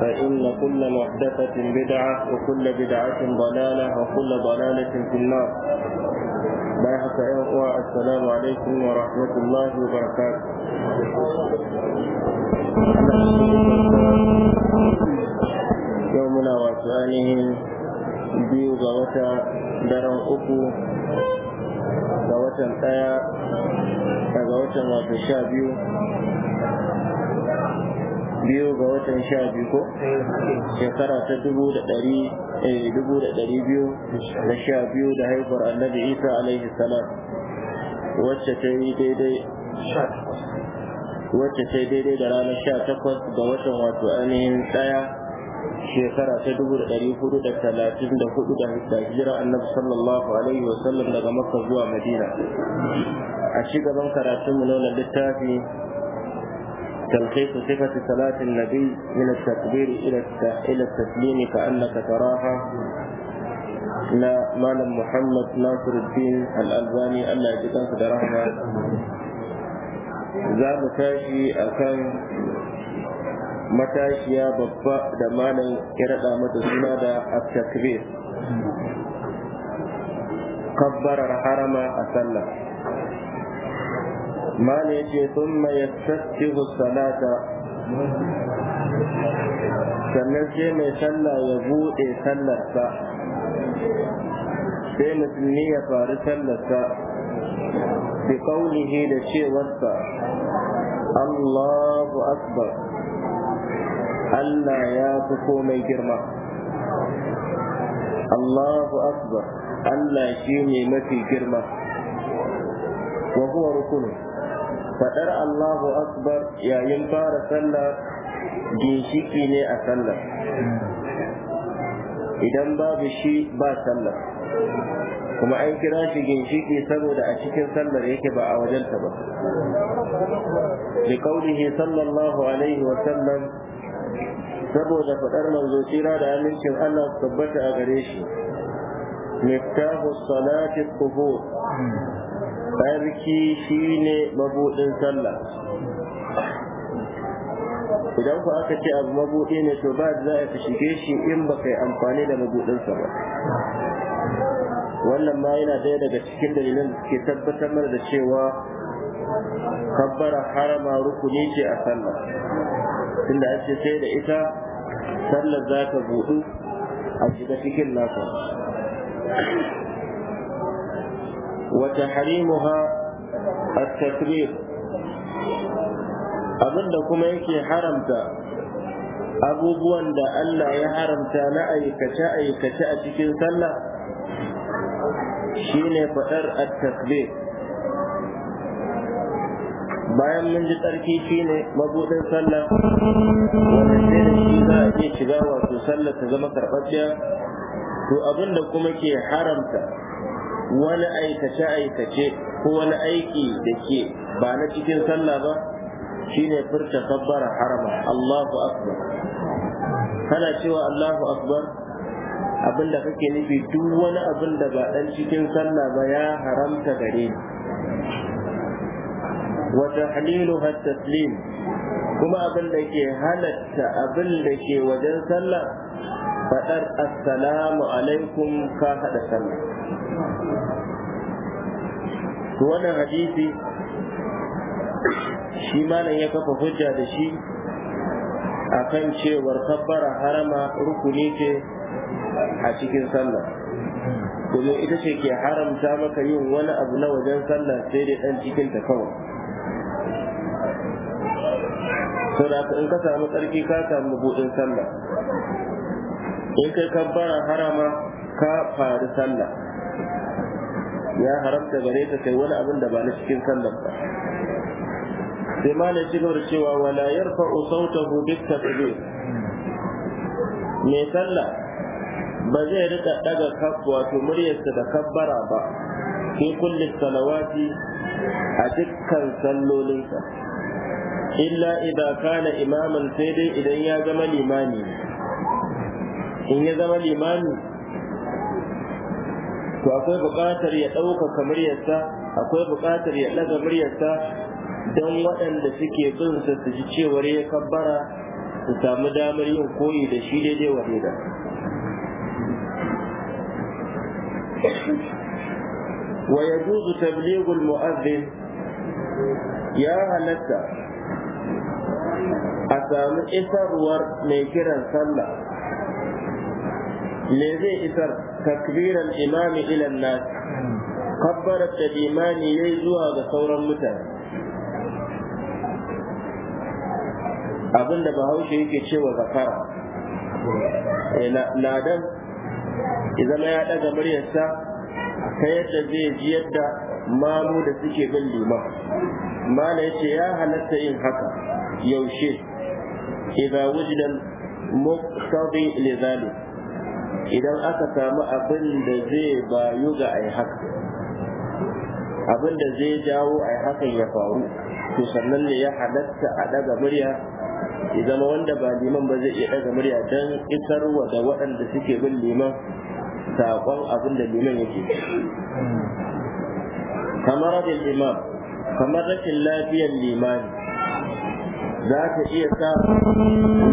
فإن كل محدثة بدعة وكل بدعة ضلالة وكل ضلالة في النار بارك إخوة السلام عليكم ورحمة الله وبركاته يومنا وسؤالهم biyu ga wata daren uku ga watan ɗaya daga watan wato sha biyu biyu ga watan sha biyu ko eh, shekara ta eh, dubu da ɗari biyu da sha biyu da haifar annabi isa alaihi salam wacce ta yi daidai wacce ta yi daidai da ranar sha takwas ga watan wato ainihin ɗaya shekara ta dubu da ɗari hudu da talatin da hudu da hijira annabi sallallahu alaihi wasallam daga makka zuwa madina a ci gaban karatunmu na littafi تلخيص صفة صلاة النبي من التكبير إلى إلى التسليم كأنك تراها لا مال محمد ناصر الدين الألباني ألا يجدان فدرهما ذا متاشي أكان متاشي يا بابا دماني كرد أمد سنادا التكبير كبر الحرم أسلم mala ya ce sun mai taskiru salata sannan sai mai sallah ya buɗe sallarsa sai musulmi ya faru sallarsa bi kaulihi da cewarsa Allahu Allah ya fi komai girma Allahu akbar Allah shi ne mafi girma wa huwa rukunin faɗar Allahu Akbar yayin fara sallah ginshiki ne a sallah idan babu shi ba sallah kuma an kira shi ginshiki saboda a cikin sallar yake ba a wajenta ba liƙaunihi sallallahu alaihi wa sallam saboda faɗar manzo tsira da amincin Allah tabbata a gare shi miftahu salati tuhur tsarki shine mabudin sallah idan ku aka ce abu mabuɗi ne to ba za a fi shige shi in ba kai amfani da mabuɗinsa ba wannan ma yana ɗaya daga cikin dalilan da suke tabbatar mana da cewa kabbara harama rukuni ce a sallah tunda an ce sai da ita sallar za ta buɗu a shiga cikin nasa وتحريمها التكبير abinda kuma يكي haramta abubuwan da Allah ya haramta na aikace-aikace a cikin sallah shine faɗar at-takbir bayan mun ji tsarki shine mabudin sallah wanda shi za a iya shiga wato sallah ta zama karɓaɓɓiya to abinda kuma ke haramta wani aikace aikace ko wani aiki da ke ba na cikin sallah ba shine furta kabbara harama Allahu akbar kana cewa Allahu akbar abin da kake nufi duk wani abin da ba dan cikin sallah ba ya haramta gare ni wa tahliluha taslim kuma abin da ke halatta abin da ke wajen sallah fadar assalamu alaikum ka hada sallah wannan hadisi shi malam ya kafa hujja da shi a kan cewar kabbara harama rukuni ce a cikin sallah domin ita ce ke haramta maka yin wani abu na wajen sallah sai dai ɗan cikin ta kawai saboda in ka samu tsarki ka samu buɗin sallah in kai kabbara harama ka faru sallah ya haramta gare ta kai wani abin da ba na cikin sallar ba sai ma na ci gaba cewa wala yarfa'u sautahu bit mai sallah ba zai rika daga kaf wato muryarsa da kabbara ba fi kulli salawati a dukkan sallolinsa illa idza kana imaman sai dai idan ya zama limami in ya zama limami to akwai buƙatar ya ɗaukaka muryarsa akwai buƙatar ya ɗaga muryarsa don waɗanda suke bin sa su ji cewar ya kabbara su samu damar yin koyi da shi daidai wa da wa yajuzu tablighul mu'adhdhin ya halatta a samu isarwar mai kiran sallah me zai isar takbir al-imam ila an da limani yayi zuwa ga sauran mutane abinda bahaushe yake cewa zakara ladan zama ya daga muryarsa ta yadda zai ji yadda mamu suke bin liman mala ya ce ya halatta yin haka yaushe idan wujidan muqtadi idan aka samu abin da zai bayu ga ai haka abin da zai jawo ai hakan ya faru to sannan ne ya halatta a daga murya ya zama wanda ba liman ba zai iya daga murya don isarwa da waɗanda suke bin liman saƙon abin da liman yake kamar rabin liman kamar rashin lafiyar limani za ta iya sa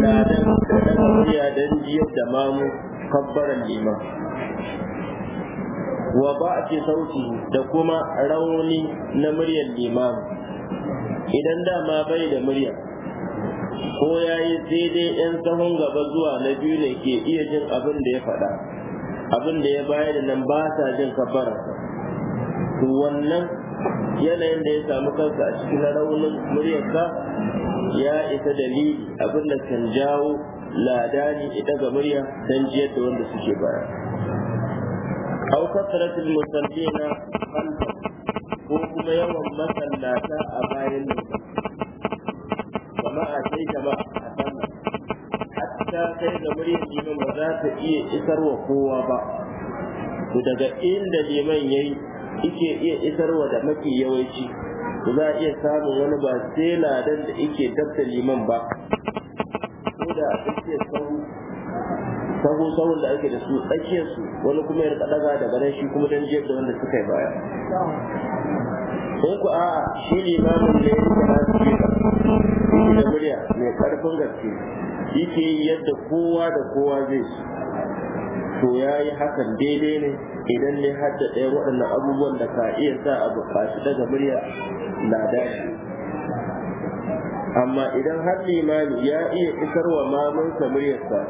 ladan da murya don jiyar da mamu kabbaran liman wa ba ce sauti da kuma rauni na muryar liman idan dama bai da murya ko ya yi daidai 'yan sahun gaba zuwa na biyu ne ke iya jin abin da ya faɗa abin da ya bayar da nan ba sa jin kabbara. to wannan yanayin da ya samu kansa a cikin raunin muryarsa ya isa dalili abin da kan jawo ladani ita ga murya dan jiyar da wanda suke baya aw kasratul musallina ko kuma yawan masallata a bayan jama'a sai jama'a a sallah hatta sai da muryar liman ba za ta iya isarwa kowa ba to daga inda liman yayi yake iya isarwa da mafi yawanci za a iya samun wani ba sai ladan da yake dabta liman ba ko da tsakiyar sahu sahun da ake da su tsakiyar su wani kuma ya rika daga daga shi kuma dan jiyar da wanda suka yi baya in ku a'a shi limamin da ya rika na tsira da murya mai karfin gaske ke yi yadda kowa da kowa zai ci to ya yi hakan daidai ne idan ne hadda ɗaya waɗannan abubuwan da ka iya sa a kashi daga murya na dashi amma idan har limami ya iya isar wa mamun muryarsa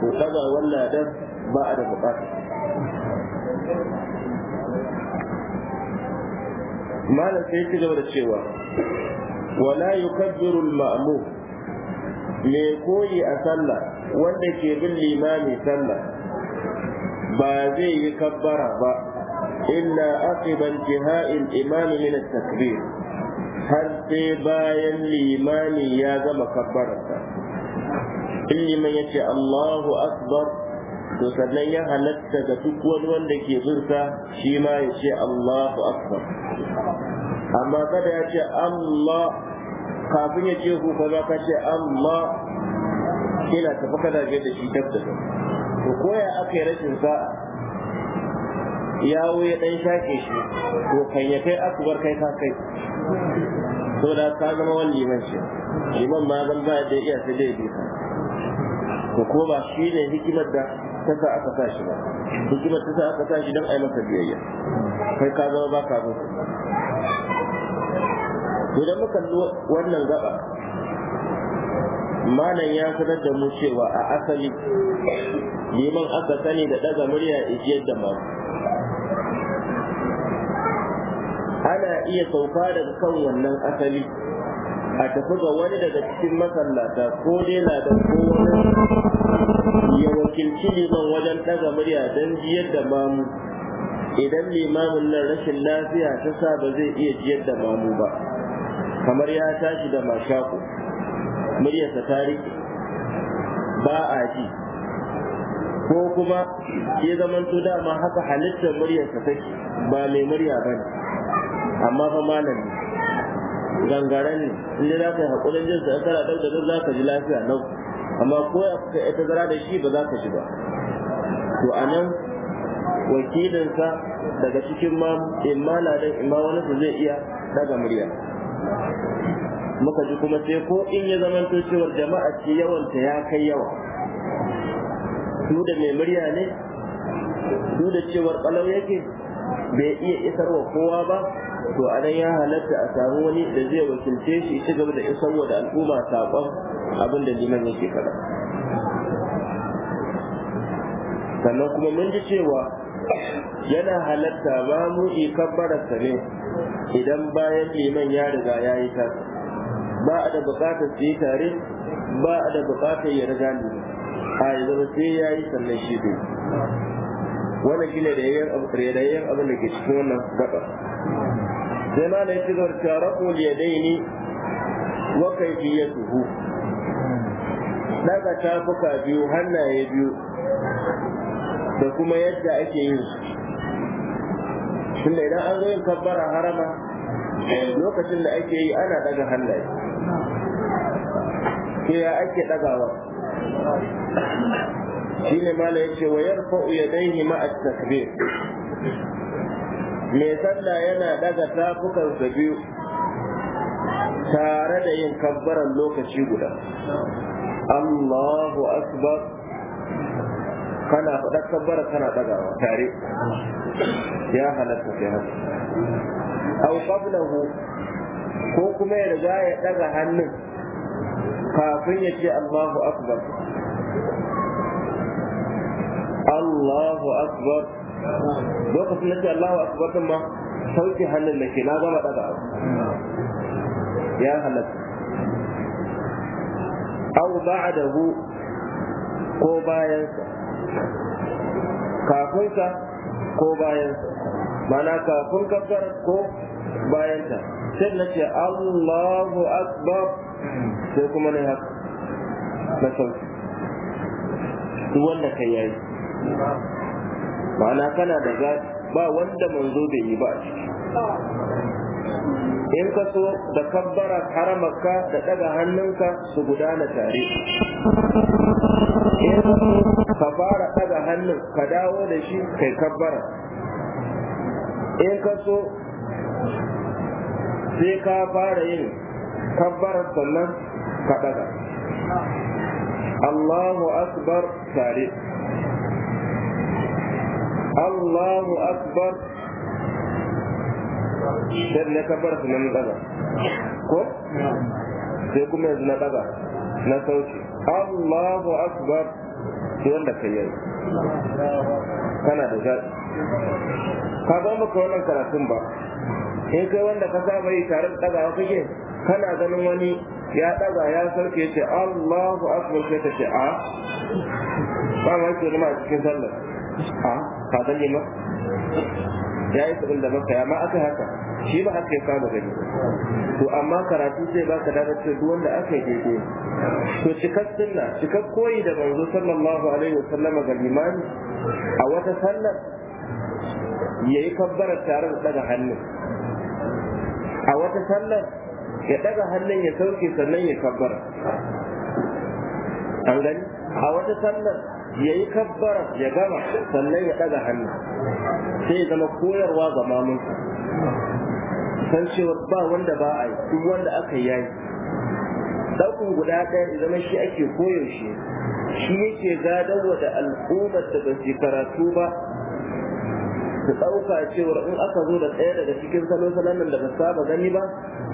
ko kaza wannan dan ba a da bukata malam sai ci gaba da cewa wala yukabbiru al-ma'mum me koyi a sallah wanda ke bin limami sallah ba zai yi kabbara ba illa aqiba intihai al-imam min at-takbir har sai bayan limani ya zama kabbararsa in liman ya ce Allahu akbar to sannan ya halatta ga duk wani wanda ke zurta shi ma ya ce Allahu akbar amma kada ya ce Allah kafin ya ce ku kaza ka ce Allah kina tafi kada ga da shi tabbata to koya aka yi rashin sa'a yawo ya dan shake shi to kan ya kai akubar kai ka kai so da ka zama wani liman ce liman ma zan ba da iya sai dai bi ko kuma ba shi ne hikimar da ta sa aka sa shi ba hikimar ta sa aka sa shi don a yi masa biyayya kai ka zama ba ka zo idan muka wannan gaba malam ya sanar da mu cewa a asali liman aka sani da daga murya ijiyar da mamu ana iya sauka daga kan wannan asali a tafi ga wani daga cikin masallata ko dai ladan ko wani ya wakilci liman wajen ɗaga murya don jiyar da mamu idan limamin nan rashin lafiya ta sa ba zai iya jiyar da mamu ba kamar ya tashi da mashaku muryarsa ta riƙe ba a ji ko kuma ya zamanto dama haka halittar muryarsa take ba mai murya ba ne amma fa malam gangaren ne inda za ka yi haƙurin jinsa in tara ɗau da duk za ka ji lafiya nau amma ko ya ka yi tazara da shi ba za ka ji ba to a nan wakilinsa daga cikin ma imma eh, ladan imma wani su zai iya daga murya muka ji kuma sai ko in ya to cewar jama'a ce yawanta ya kai yawa su da mai murya ne su da cewar ɓalau yake bai iya isarwa kowa ba to a ya halatta a samu wani da zai wakilce shi ci gaba da isarwa da al'umma saƙon abin da liman yake faɗa sannan kuma mun ji cewa yana halatta ba mu ikabbararsa ne idan bayan liman ya riga ya yi ta ba a da buƙatar su yi tare ba a da buƙatar ya riga ne a yi zama sai ya yi sannan shi bai Wani gina da yayin abin da ke cikin wannan gaba zai ma na yi cigar tarakul ya daini wa tuhu daga tafuka biyu hannaye biyu da kuma yadda ake yin su tunda idan an zo yin kabbara harama lokacin da ake yi ana daga hannaye ke ya ake dagawa shine mala yace wa yarfa'u yadayhi ma'a takbir mai sallah yana daga su biyu tare da yin kabbaran lokaci guda Allahu akbar kana faɗa kabbara kana ɗagawa tare ya halatta ke haka au qablahu ko kuma ya riga ya daga hannun kafin ya ce Allahu akbar Allahu akbar lokacin da ce Allahu akbar din ma sauke hannun da ke na gama daga abu ya halatta au ba'dahu ko kafin sa ko bayansa mana kafin kafar ko sa sai na ce Allahu akbar sai kuma ne haka na sauki duk wanda kai yayi ma'ana kana da gadi ba wanda manzo bai yi ba in ka so da kabbara haramaka da daga hannunka su gudana tare in ka fara daga hannun ka dawo da shi kai kabbara in ka so sai ka fara yin kabbara sannan ka daga Allahu akbar tare Allahu akbar dan na kabbara su nan daga ko sai kuma yanzu na daga na sauki Allahu akbar sai wanda kai yayi kana da jaɗi ka ga maka wannan karatun ba in kai wanda ka saba yi tare da dagawa kake kana ganin wani ya daga ya sarke ya ce Allahu akbar sai ka ce a ah. ba ma ke zama a cikin sallar a ah. ka zalle ma ya yi kudin da maka ya ma aka haka shi ba haka ya kama gani to amma karatu zai baka damar cewa duk wanda aka yi daidai to cikar sunna cikar koyi da ban manzo sallallahu alaihi wa sallama ga limani a wata sallar yayi kabbarar tare da daga hannu a wata sallar ya daga hannun ya sauke sannan ya kabbara an gani a wata sallar ya yi kabbara ya gama sannan ya ɗaga hannu sai ya zama koyarwa ga mamun san cewa ba wanda ba a yi duk wanda aka yi yayi ɗaukin guda ɗaya ya zama shi ake koyaushe shi yake gadarwa da al'ummar da ba su karatu ba su ɗauka cewar in aka zo da ɗaya daga cikin salon salon nan da ba saba gani ba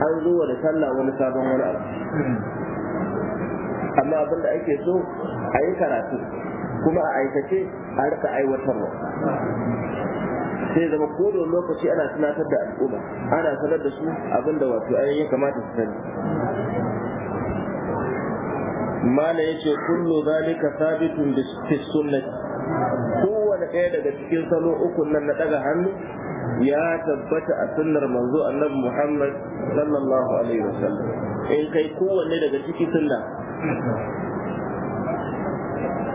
an zo wa da sallah wani sabon wani abu amma abin da ake so a yi karatu kuma a aikace a rika aiwatarwa sai zama ko da lokaci ana tunatar da al'umma ana sanar da su abin da wato ainihin ya kamata su sani mana ya ce kullu zalika sabitun da sunnati kowane ɗaya daga cikin salo ukun nan na ɗaga hannu ya tabbata a sunnar manzo annabi Muhammad sallallahu alaihi wasallam in kai kowanne daga ciki sunna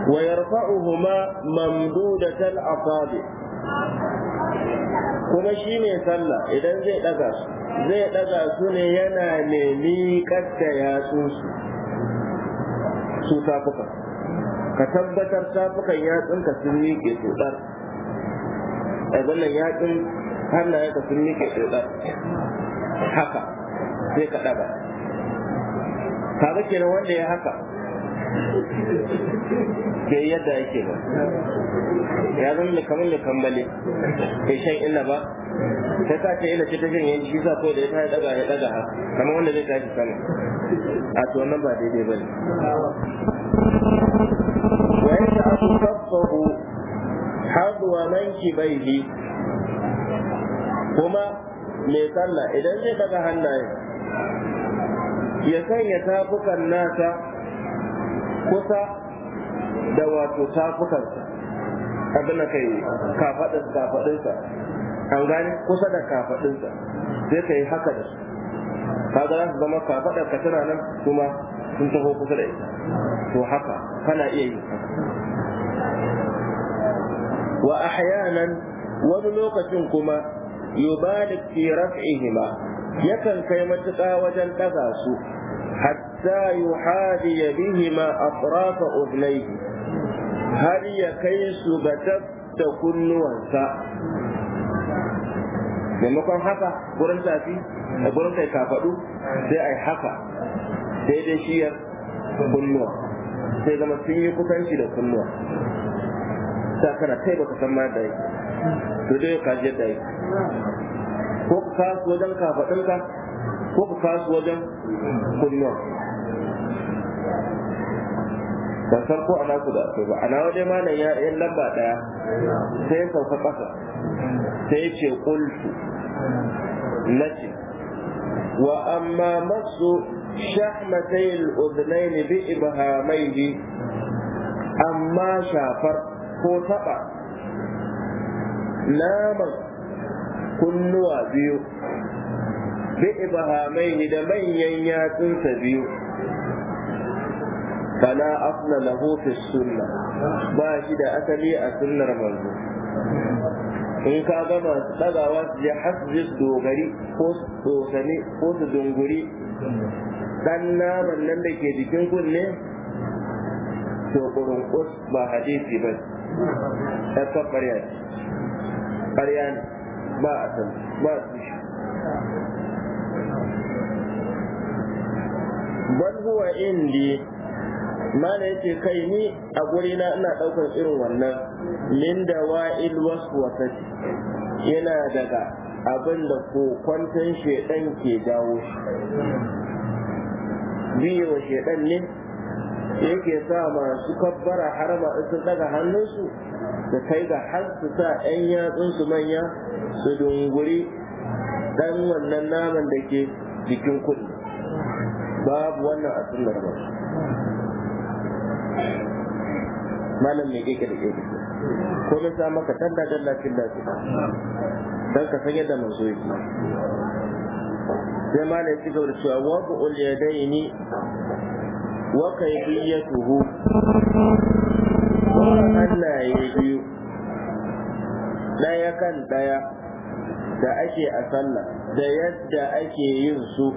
ويرفعهما ممدودة الأصابع kuma shi ne sallah idan zai ɗaga su zai ɗaga su ne yana ne ƙasta ya su su tafuka ka tabbatar tafukan yatsun ka sun miƙe su ɗar ɗagallan yatsun hannayen ka sun miƙe su ɗar haka sai ka ɗaga kaga kenan wanda ya haka ke yadda yake ba ya zama mai kamar da kambale ke shan illa ba ta sa ce illa ce ta jin yanzu shi sa ko da ya daga ya daga ha kamar wanda zai tashi sama a to wannan ba daidai ba ne ku hadu aku nan ki bai bi? kuma mai sallah idan zai daga hannaye ya sanya tafukan nasa kusa da wato tafukansa abin da kai yi kafaɗinsa an gani kusa da kafaɗinsa sai ka yi haka da su ka za su zama kafaɗar ka tana nan kuma sun taho kusa da ita to haka kana iya yi wa ahyanan wani lokacin kuma yubalik fi raf'ihima yakan kai matuƙa wajen ɗaga su حتى يحاذي بهما أطراف أذنيه هل يكيس بتبت كنوانسا maimakon haka gurin zafi a gurin kai kafaɗu sai a yi haka sai dai shiyar kunnuwa sai zama sun yi kusanci da kunnuwa ta kana kai baka san ma da yi to dai ka je da yi ko ka kasu wajen kafaɗinka ko ka kasu wajen kunnuwa ban farko a ana ku da akwai ba ana waje malam ya yin lamba daya sai ya sauka kasa sai ya ce qultu nace wa amma masu shahmatai al'udunai ne bi ibhamayhi amma shafar ko taba naman kunnuwa biyu bi ibhamayhi da manyan yatsunsa biyu fala afla lahu fi sunna ba shi da asali a sunnar manzo in ka ga masu ɗagawa su je hasbi dogari ko su tsosane ko su dunguri dan naman nan da ke jikin kunne to kurunkus ba hadisi ba ta ƙarya ƙarya ba a san ba su shi bal huwa indi mana yace kai ni a guri na ina daukar irin wannan min da wa'il waswasati yana daga abin da ko kwantan shedan ke jawo shi shedan ne yake sa masu kabbara harba in sun daga hannunsu da kai ga har su sa 'yan yatsunsu manya su dunguri dan wannan naman da ke jikin kuɗi babu wannan a sunnar ba malam mai keke da keke ko na sa maka tanda dalla filla filla dan ka san yadda manzo yake sai malam ya ci da cewa wa bu ul yadaini wa kaydiyatuhu Allah ya biyu daya kan daya da ake a sallah da yadda ake yin su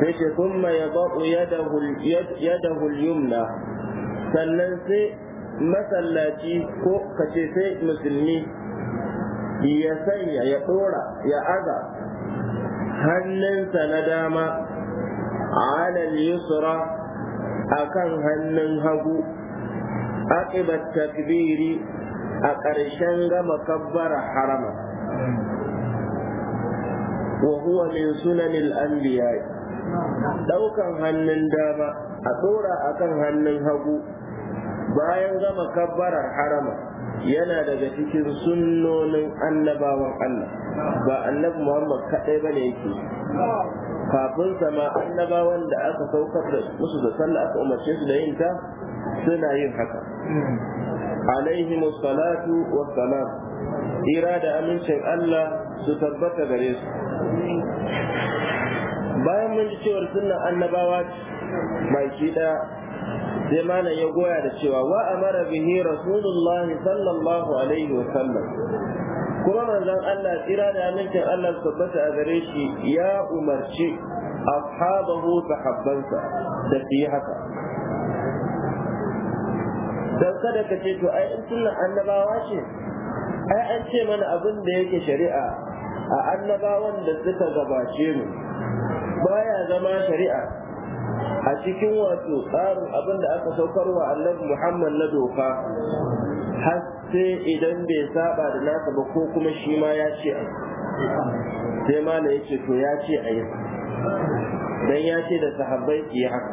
sai ce kuma ya ba'u yadahu yadahu yumna sannan sai masallaci ko kace sai musulmi ya sanya ya dora ya aza hannunsa na dama alal yusra kan hannun hagu aqibat takbiri a ƙarshen gama kabbara harama wa huwa min al anbiya daukan hannun dama a dora akan hannun hagu bayan gama kabbarar harama yana daga cikin sunnonin annabawan Allah ba annabi Muhammad kadai bane yake kafin sama annabawan da aka saukar da musu da sallah aka umarce su da yin ta suna yin haka alaihi musallatu wa salam ira da amincin Allah su tabbata gare su bayan mun ji cewar sunnan annabawa mai shi sai malam ya goya da cewa wa amara bihi rasulullah sallallahu alaihi wa sallam kuma manzon Allah tsira da amincin Allah tabbata a gare shi ya umarci ashabahu sahabbansa da su yi haka dan kada ka ce to ai in sunnan annabawa ce ai an ce mana abin da yake shari'a a annabawan da suka gabace mu baya zama shari'a a cikin wato tsarin abin da aka saukarwa annabi muhammad na doka har sai idan bai saba da nasa ba ko kuma shi ma ya ce a sai ma ya ce to ya ce a yi dan ya ce da sahabbai su yi haka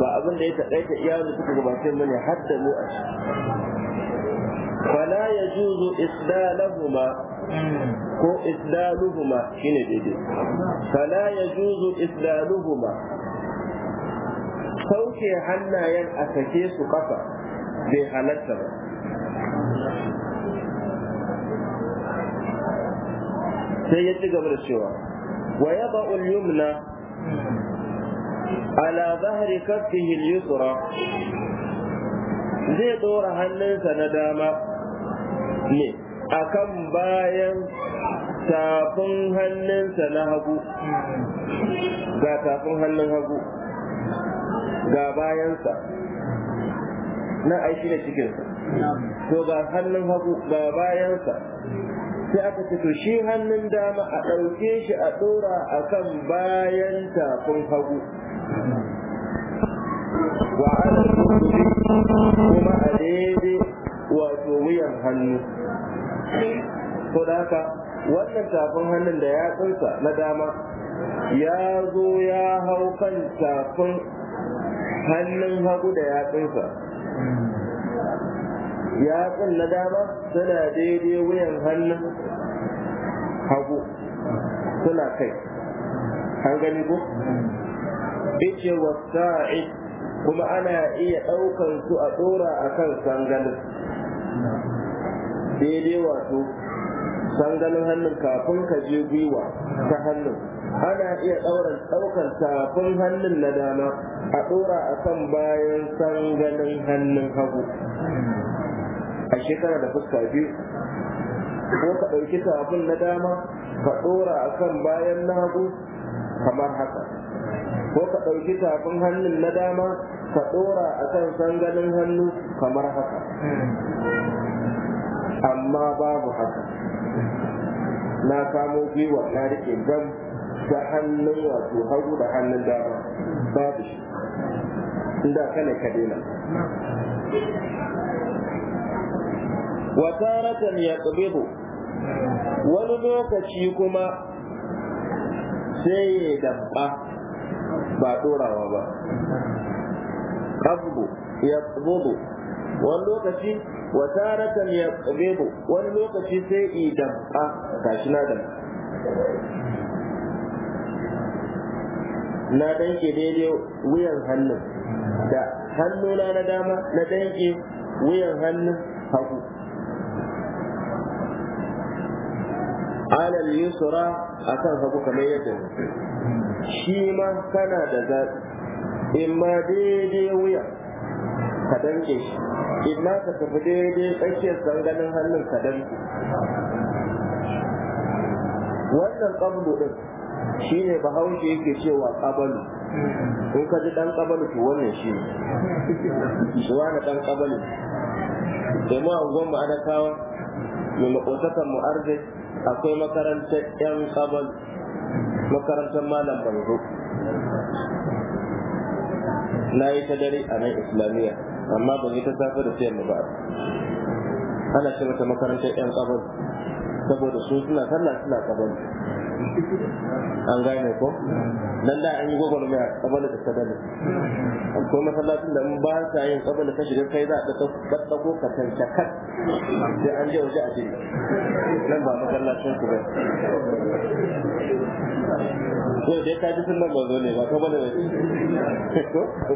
ba abin da ya taƙaita iya da suka gabatar mana har da mu a ciki فلا يجوز إسلالهما ko isdaluhuma shine daidai fala yajuzu isdaluhuma sauke hannayen a sake su kasa, bai halatta ba sai ya ci gaba da cewa wa yaba yumna ala zahri kaffihi yusra zai dora hannunsa na dama ne kan bayan tafin hannunsa na hagu ga tafin hannun hagu ga bayansa na aiki da cikin, cikinsa to ga hannun hagu ga bayansa sai aka ce to shi hannun dama a ɗauke shi a ɗora a kan bayan tafin hagu wa an kuma a daidai wato wuyan hannu to da haka wannan tafin hannun da ya na dama ya zo ya hau kan tafin hannun hagu da yatsunsa yatsun na dama suna daidai wuyan hannun hagu suna kai an gani ko ice wasa'i kuma ana iya ɗaukar su a ɗora a kan sangalin daidai wato sangalin hannun kafin ka je gwiwa ta hannun ana iya ɗaukar tafin hannun na dama a ɗora a kan bayan sanganin hannun hagu a shekara da fuska biyu ko ka ɗauki tafin na dama ka ɗora a kan bayan na hagu kamar haka ko ka ɗauki tafin hannun na dama ka ɗora a kan sanganin hannu kamar haka amma babu haka na samo gwiwa na rike gam da hannun wato hagu da hannun dama babu shi inda kana ka daina wa taratan yaqbidu wani lokaci kuma sai ya dabba ba dorawa ba qabdu yaqbidu wani lokaci wa taratan yaqbidu wani lokaci sai ya dabba gashi na da na danke daidai wuyan hannun da hannuna na dama na danke wuyan hannun hagu alal yusra akan hagu kamar yadda shi ma kana da zaɓi in ma daidai wuya ka danke shi in ma ka tafi daidai tsakiyar zanganin hannun ka danke wannan ƙablu ɗin shi ne bahaushe yake cewa kabalu in ka ji dan kabalu to wannan shi ne shi wani dan kabalu Da a unguwan mu adakawa mai makotakan mu arzai akwai makarantar yan kabalu makarantar malam banzo na yi ta dare a nan islamiyya amma ban yi ta safe da sayan ba ana ce mata makarantar yan kabalu saboda su suna sallah suna kaban an gane ko nan da an yi gogon mai kaban da an ko masallacin da mun ba sa yin kaban ta shiga kai za a ɗaɗa ko ka tanka kat sai an je waje a ce nan ba masallacin ku ba ko dai ka ji nan mazo ne ba kabali ba ko ko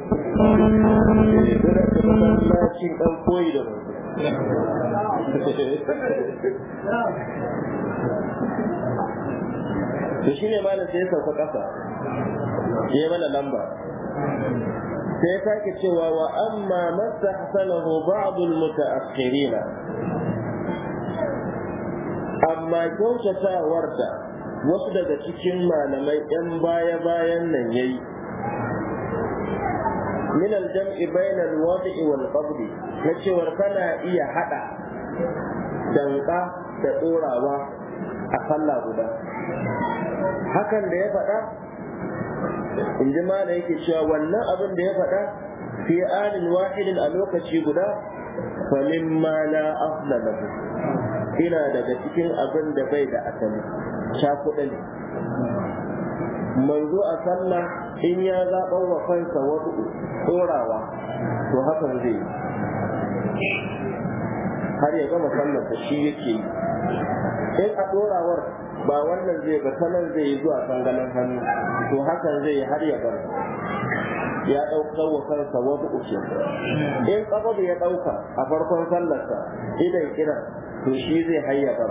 eh, da masallacin dan koyi da mazo to shi ne malam sai ya sauka ƙasa ya mana lamba sai ya sake cewa wa amma masa hasanahu ba'dul muta'akhirina amma kyautatawar da wasu daga cikin malamai yan baya-bayan nan yayi min al-jam'i bayna al wal-qabdi na cewar kana iya hada danka da ɗorawa a kalla guda hakan da ya faɗa in ji mala yake cewa wannan abin da ya faɗa fi alin wahidin a lokaci guda falin ma na afla ina daga cikin abin da bai da asali shafuɗa ne manzo a sallah in ya zaɓar wa kansa wasu ɗorawa to hakan zai yi har ya gama sallar ta shi yake yi in a dorawar ba wannan zai ba sanar zai yi zuwa sangalin hannu to hakan zai yi har ya bar ya ɗaukar wa kansa wasu uke in ƙafafu ya ɗauka a farkon sallarsa idan kiran to shi zai hayya bar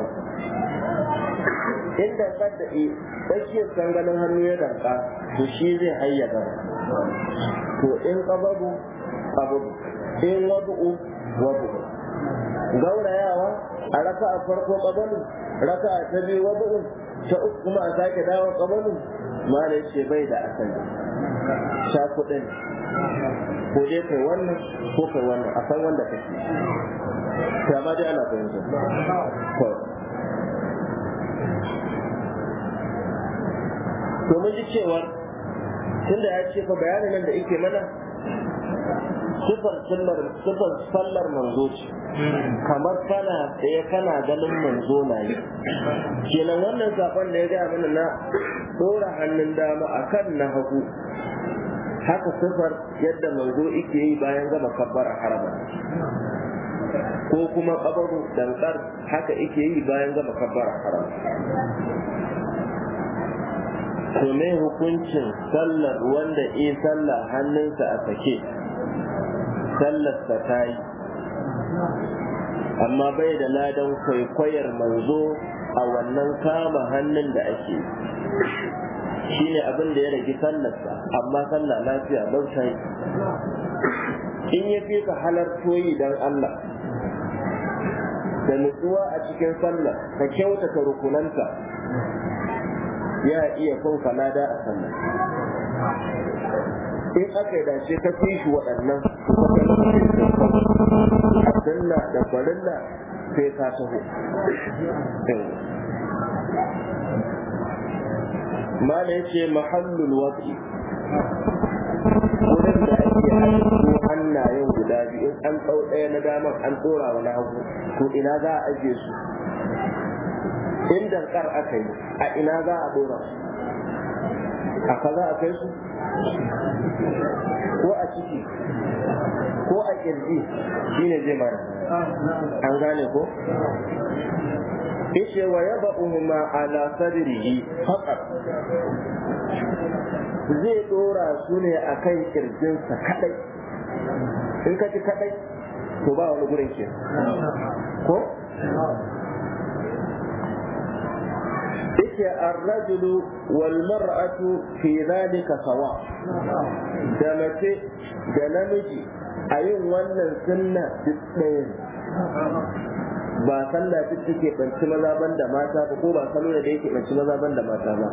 in dankar da e tsakiyar sangalin hannu ya danka to shi zai hayya bar to in ƙafafu abu in wadu'u wa bu'un gaurayawa a raka'a farko qabalu raka'a ta biyu wa bu'un ta uku kuma a sake dawo qabalu mala ce bai da asali sha kudin ko dai kai wannan ko kai wannan a san wanda kake ta ma dai ana fahimta to mun ji cewa tunda ya ce fa bayanin nan da yake mana sifar sifar sallar manzo ce kamar kana tsaye kana ganin manzo na yi kenan wannan sakon da ya ga mana na dora hannun dama akan na hagu haka sifar yadda manzo yake yi bayan gama kabbara harama ko kuma kabaru dankar haka yake yi bayan gama kabbara harama to me hukuncin sallar wanda e sallar hannunsa a sake sallar ta yi amma bai da ladan kwaikwayar manzo a wannan kama hannun da ake shine abin da ya rage sallarsa amma sallar lafiya sai in ya fi ka halartoyi don Allah da nutsuwa a cikin sallar ka kyautata rukunanta ya iya kun lada a sallar in aka dace ta fi shi waɗannan a sunna da farilla sai ka taho mana yace mahallul wadi wurin da ake aiko hannayen guda biyu an tsau ɗaya na damar an tsora wa na hagu to ina za a ajiye su in dankar aka yi a ina za a ɗora su a kaza a kai su ko a ciki kirji shine zai mara an gane ko ishe wa yaba'uhuma ala sadrihi faqat zai dora su ne kan kirjinsa kadai in ka ci kadai to ba wani gurin ke ko yake arrajulu wal mar'atu fi zalika sawa da mace da namiji a yin wannan sunna duk ɗaya ba sallah duk take banci maza ban da mata ba ko ba sallah da yake banci maza ban da mata ba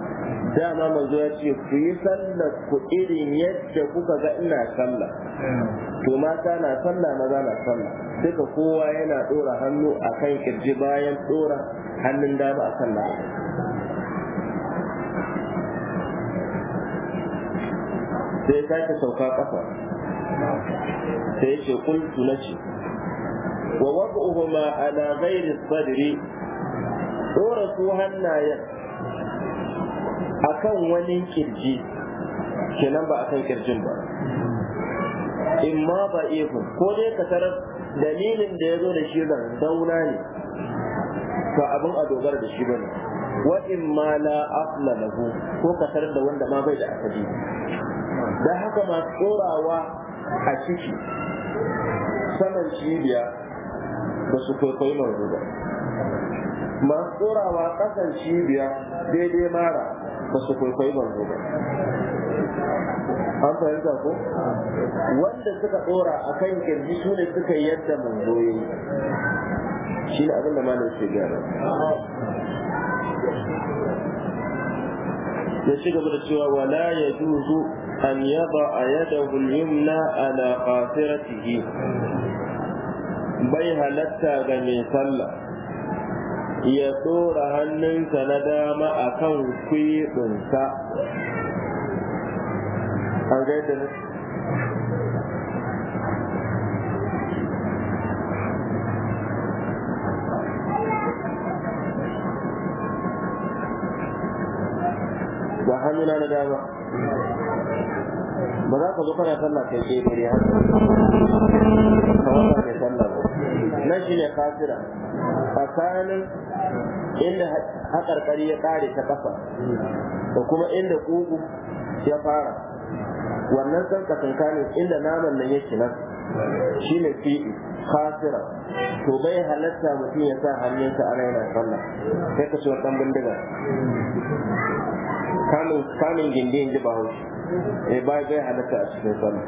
dama manzo ya ce ku yi sallah ku irin yadda kuka ga ina sallah to mata na sallah maza na sallah duka kowa yana dora hannu akan kirji bayan dora hannun dama a sallah sai sake sauka kafa sai yace qultu nace wa wad'uhuma ala ghairi sadri dora su hannayen akan wani kirji kenan ba akan kirjin ba in ma ba ko dai ka tarar dalilin da ya zo da shi ran dauna ne ba abin a dogara da shi ba ne wa in ma la asla lahu ko ka tarar da wanda ma bai da asali da haka ma tsorawa a ciki saman cibiya ba su kwaikwayi manzo ba masu tsorawa kasan cibiya daidai mara ba su kwaikwayi manzo ba an fahimta ko wanda suka tsora a kan kirji su ne suka yadda manzo yi shi ne abin da malam ke gyara ya ci gaba da cewa wala ya juzu أن يضع يده ana على قاصرته bai halarta ga mai sallah ya tsora hannunsa na dama a kan kwiɗinsa an ba hannuna na dama ba za ka zo kana sallah kai sai dare har ka wata ne sallah ba nan shi ne kafira tsakanin inda haƙarƙari ya ƙare ta ƙafa, da kuma inda ƙugu ya fara wannan sanka kankanin inda naman nan yake nan shi ne fi'i kafira to bai halatta mutum ya sa hannunsa a yana sallah sai ka ci wa ɗan bindiga kamun kamun gindi in ji ba hau eh ba zai halatta a cikin sallah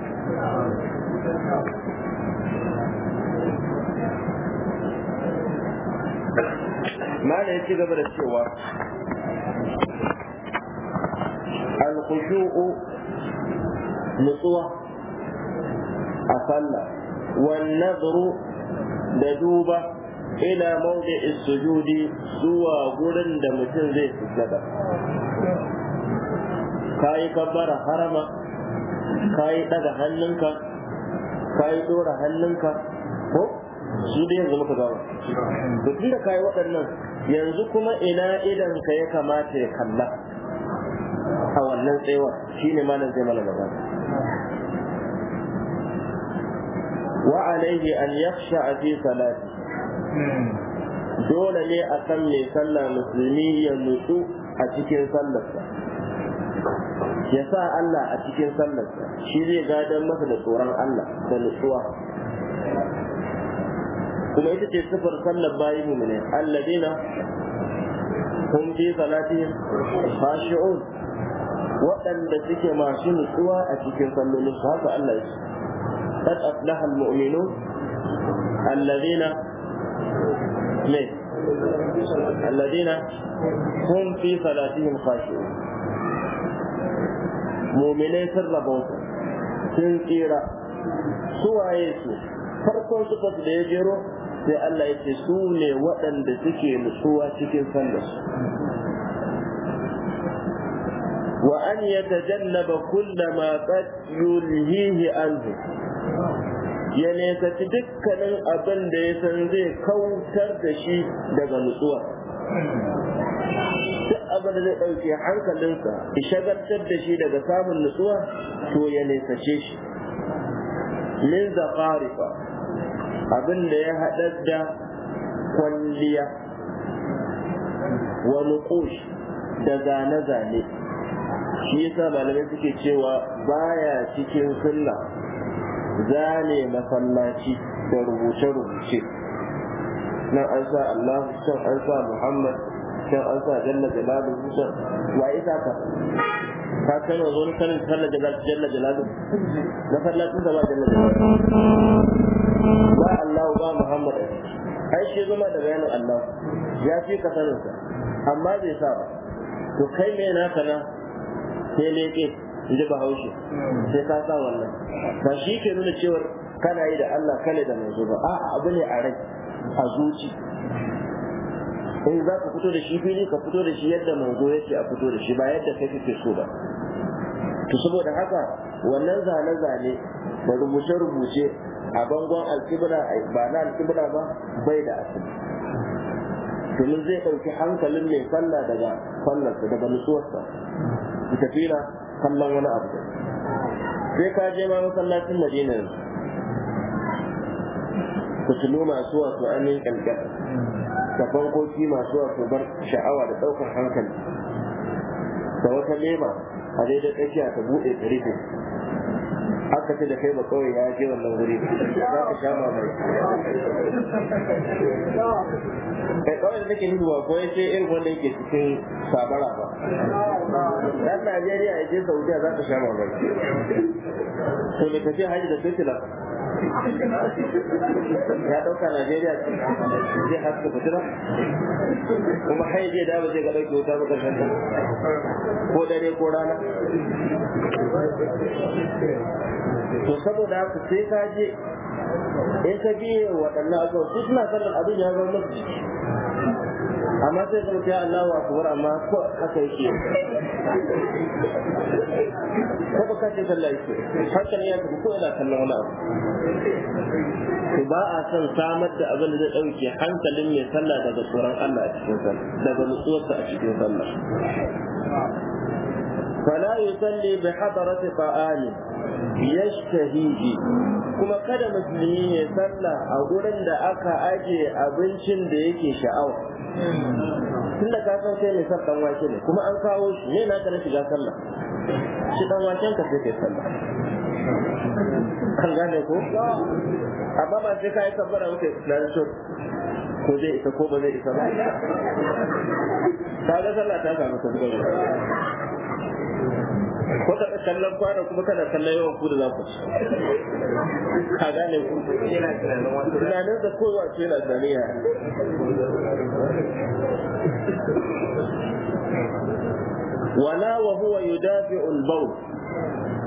mana ya ci gaba da cewa alkushu'u nutsuwa a sallah wannazuru da duba ila mawdi'is sujudi zuwa gurin da mutum zai sujada ka yi kabbara harama ka yi ɗaga hannunka ka yi ɗora hannunka ko su da yanzu muka gawa to da ka yi waɗannan yanzu kuma ina idan ka ya kamata ya kalla a wannan tsayuwar shi ne malam zai mana magana wa alaihi an yakhsha fi salati dole ne a san mai sallah musulmi ya nutsu a cikin sallarsa ya sa Allah a cikin sallar shi zai gadon masa da tsoron Allah da nutsuwa kuma ita ce sifar sallar bayi mumine dina kun fi salatihim khashi'un waɗanda suke masu nutsuwa a cikin sallolin su haka Allah ya qad aflaha almu'minun alladina ne alladina hum fi salatihim khashi'un muminai sun rabauta sun tsira suwaye su farkon sufa da ya jero sai Allah ya ce su ne waɗanda suke nutsuwa cikin su wa an yatajannaba kullama qad an anhu ya nesaci dukkanin abin da ya san zai kautar da shi daga nutsuwa duk abin zai ɗauke hankalinsa ya shagartar da shi daga samun nutsuwa to ya nesace shi min zafarifa abin da ya haɗar da kwalliya wa nuqush da zane-zane shi yasa malamai suke cewa baya cikin sunna zane masallaci da rubuce-rubuce nan an sa Allah can an sa Muhammad can an sa jalla jalalu can wa isa ka ka san yanzu wani sanin sallar jalalu jalla jalalu na sallacin da ba jalla jalalu ba Allah ba Muhammad ai shi zama da bayanin Allah ya fi ka sanin sa amma bai sa ba to kai me naka na sai leke inji bahaushe sai ka sa wannan ba shi ke nuna cewar kana yi da Allah kana da manzo ba a'a abu ne a rai a zuci in za ka fito da shi fili ka fito da shi yadda manzo yake a fito da shi ba yadda kai kake so ba to saboda haka wannan zane-zane da rubuce-rubuce a bangon alkibla ba na alkibla ba bai da asali domin zai ɗauki hankalin mai falla daga fallarsa, daga nutsuwarsa ta tafi kallon wani abu sai ka je ma masallacin madina yanzu fitilu masu wato ainihin ƙalƙal da bankoki masu wato bar sha'awa da ɗaukar hankali da wata lema a daidai tsakiya ta buɗe tsarife aka ce da kai ba kawai ya je wannan wuri za ka sha mamaki kai kawai da nake hiduwa ko ya ce irin wanda yake cikin sabara ba dan Najeriya ya je Saudiya za ka sha mamaki to da tafiya hajji da Switzerland ya ɗauka Najeriya zai haska fitina kuma hai zai dawo zai ga ɗauki wuta ba ƙarshen ta ko dare ko rana to saboda haka sai ka je in ka biye waɗannan abubuwa su suna sanin abin ya zama mafi amma sai zama ta a akbar amma ko haka yake ko ba ka ce sallah yake hakan ya tafi ko yana kallon wani abu ba a son samar da abin da zai dauke hankalin mai sallah daga tsoron Allah a cikin sallah daga nutsuwarsa a cikin sallah فلا qa'ani yashtahihi Kuma kada musulmi ya sallah a gurin da aka aje abincin da yake sha'awa. tunda da kasan kai ne sar dan wake ne kuma an kawo shi ne na tare shiga sallah shi dan waken ka sai kai sallah kan gane ko amma ba sai kai tabbara wuce na so ko zai isa ko ba zai isa ba ta ga sallah ta samu kabbara ko ka kallon kwana kuma kana kallon yawan ku da za ku ci ka gane ku tunanin da kowa ce yana tunanin ya wala wa huwa yudafi'ul bawl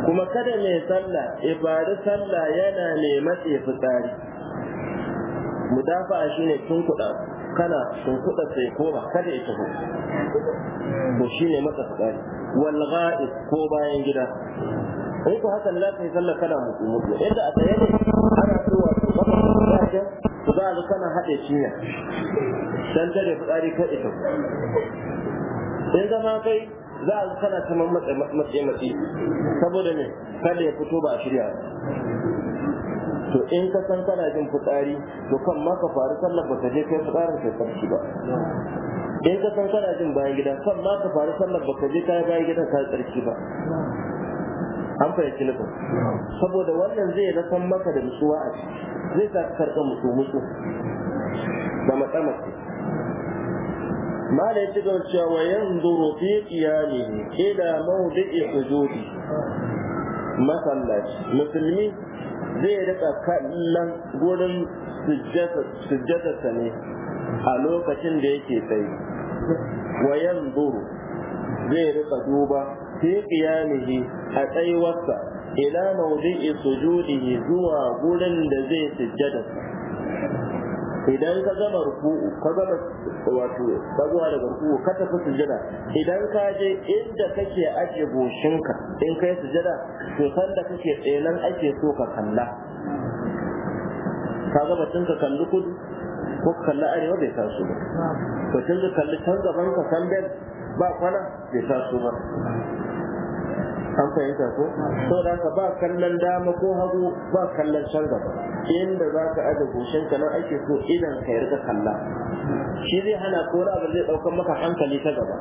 kuma kada mai sallah ibadu sallah yana ne matse fitsari mudafa shine tun kuɗa kana shimfiɗa sai koma kada ya taho to ne maka tsari wal ghaib ko bayan gida in ku hakan la kai sallar kana mutu mutu yadda a tsaye ne ana so wato baka tsaya to za a kana haɗe cinya dan tare fitsari kada ya taho in zama kai za a kana ta matse matse saboda me kada ya fito ba a shirya to in ka san kana jin fitsari to kan ma ka faru sallar ba ta je kai fitsarin kai karshe ba in ka san kana jin bayan gida kan ma ka faru sallar ba ka je kai bayan gida ka karshe ba an fahimci nufin saboda wannan zai na san maka da nutsuwa a ciki zai sa ka karɓa musu musu da matsamace mala ya ci gaba cewa wa yanzuru fi qiyamihi ila mawdi'i hujudi masallaci musulmi zai rika kallon gurin sujjatarsa ne a lokacin da yake tsaye wayan buru zai rika duba fi qiyamihi a tsayuwarsa ila mawdi'i sujudihi zuwa gurin da zai sujjadarsa idan ka gama ruku'u ka gama wato zuwa daga ruku'u ka tafi sujada idan ka je inda kake aje goshinka in kai sujada to da kake tselan ake so ka kalla ka gama tun ka kalli kudu ko ka kalli arewa bai taso ba to tun ka kalli can gaban ka san ba kwana bai taso ba an fahimta ko da ka ba kallon dama ko hagu ba kallon can gaba inda za ka aje goshin ka nan ake so idan ka yarda kalla shi zai hana ko wani zai daukar maka hankali ta gaba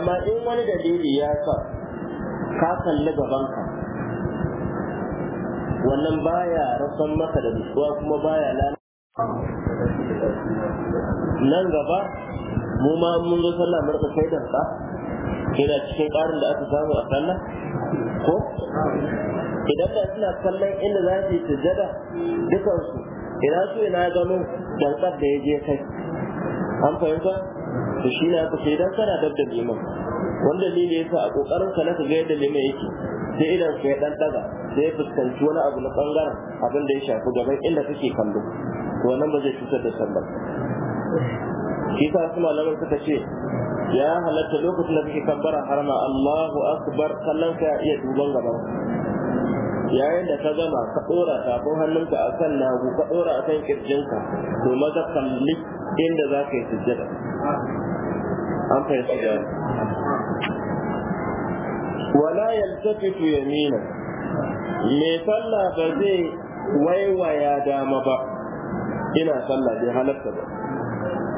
amma in wani dalili ya sa ka kalli gabanka wannan baya rasan maka da nutsuwa kuma baya lalata nan gaba mu ma mun zo sallah mun rika kai da ka ina cikin ƙarin da aka samu a sallah ko idan da suna kallon inda za su yi sujjada dukansu idan su ina gano dankar da ya je kai an fahimta to shi na aka ce idan kana dab da liman wanda dalili yasa a kokarin ka na ka ga yadda liman yake sai idan ka ya dan daga sai ya fuskanci wani abu na bangaren abin da ya shafi gaban inda kake kallo to wannan ba zai cutar da sallah shi su malaman suka ce ya halatta lokacin da kake kabbara harama Allahu akbar kallon ka iya duban gaban yayin da ka gama ka dora tafin hannunka kan nagu ka dora kan kirjinka to maza kalli inda za ka yi sujjada an fahimci da wala yaltafitu yamina me sallah ba zai waiwaya dama ba ina sallah bai halatta ba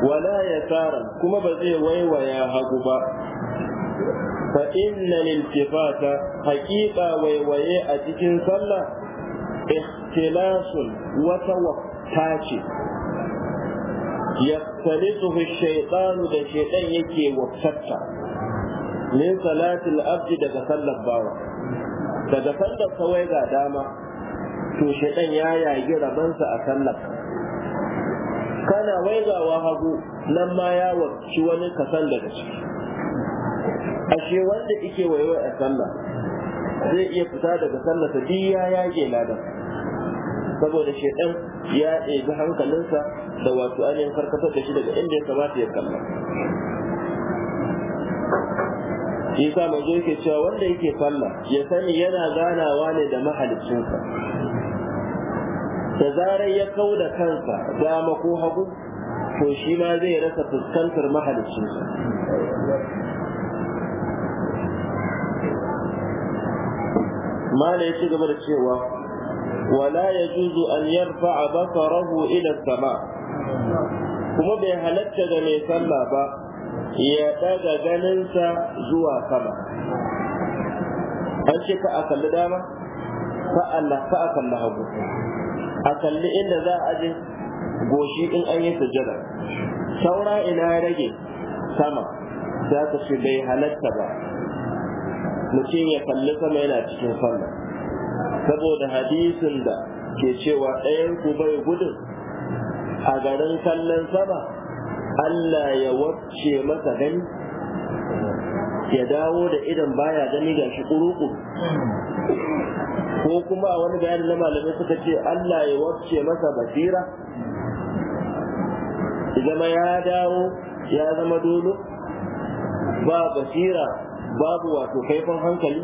wala ya yasaran kuma ba zai waiwaya hagu ba fa inna liltifata haqiqa waiwaye a cikin sallah ikhtilasun wata wata ce yaktalisuhu shaytanu da shaytan yake wakatta min salatil abdi daga sallar bawa daga sallar kawai ga dama to shaytan ya yagi rabansa a sallar kana waigawa hagu nan ma ya wakci wani kasan daga ciki ashe wanda ike waiwai a sallah zai iya fita daga sallah ta ya yage ladan saboda shedan ya ɗebi hankalinsa da wato ainihin karkatar da shi daga inda ya kamata ya kalla shi yasa manzo yake cewa wanda yake sallah ya sani yana ganawa ne da mahaliccinsa da zarar ya kau da kansa dama ko hagu to shi ma zai rasa fuskantar mahaliccinsa mala ya ci gaba da cewa wala ya juzu an yarfa a basarahu ila sama kuma bai halatta ga mai sallah ba ya daga ganinsa zuwa sama an ce ka a kalli dama fa'alla Allah a kalli hagu a kalli inda za a ji goshi in an yi sujada saura ina rage sama za ka ce bai halatta ba mutum ya kalli sama yana cikin sallah saboda hadisin da ke cewa ɗayan ku bai gudun a garin kallon sama Allah ya wacce masa gani ya dawo da idan baya gani ga shi ƙuruƙu ko kuma a wani bayanin na malamai suka ce Allah ya wacce masa basira zama ya dawo ya zama dolo ba basira babu wato kaifin hankali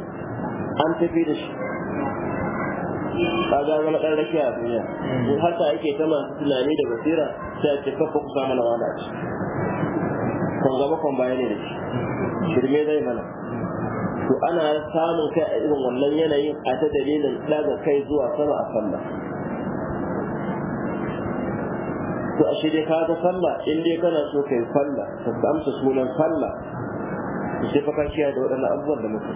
an tafi da shi kaga zama ɗan rakiya a duniya ko haka ake ta masu tunani da basira sai ce kafa kusa mana wala ce kan gaba kan baya da shi shirme zai mana to ana samun kai a irin wannan yanayin a ta dalilin daga kai zuwa sama a sallah to a shi dai ka ta sallah in dai kana so kai sallah ka amsa sunan sallah to sai fa ka kiyaye da waɗannan abubuwan da muka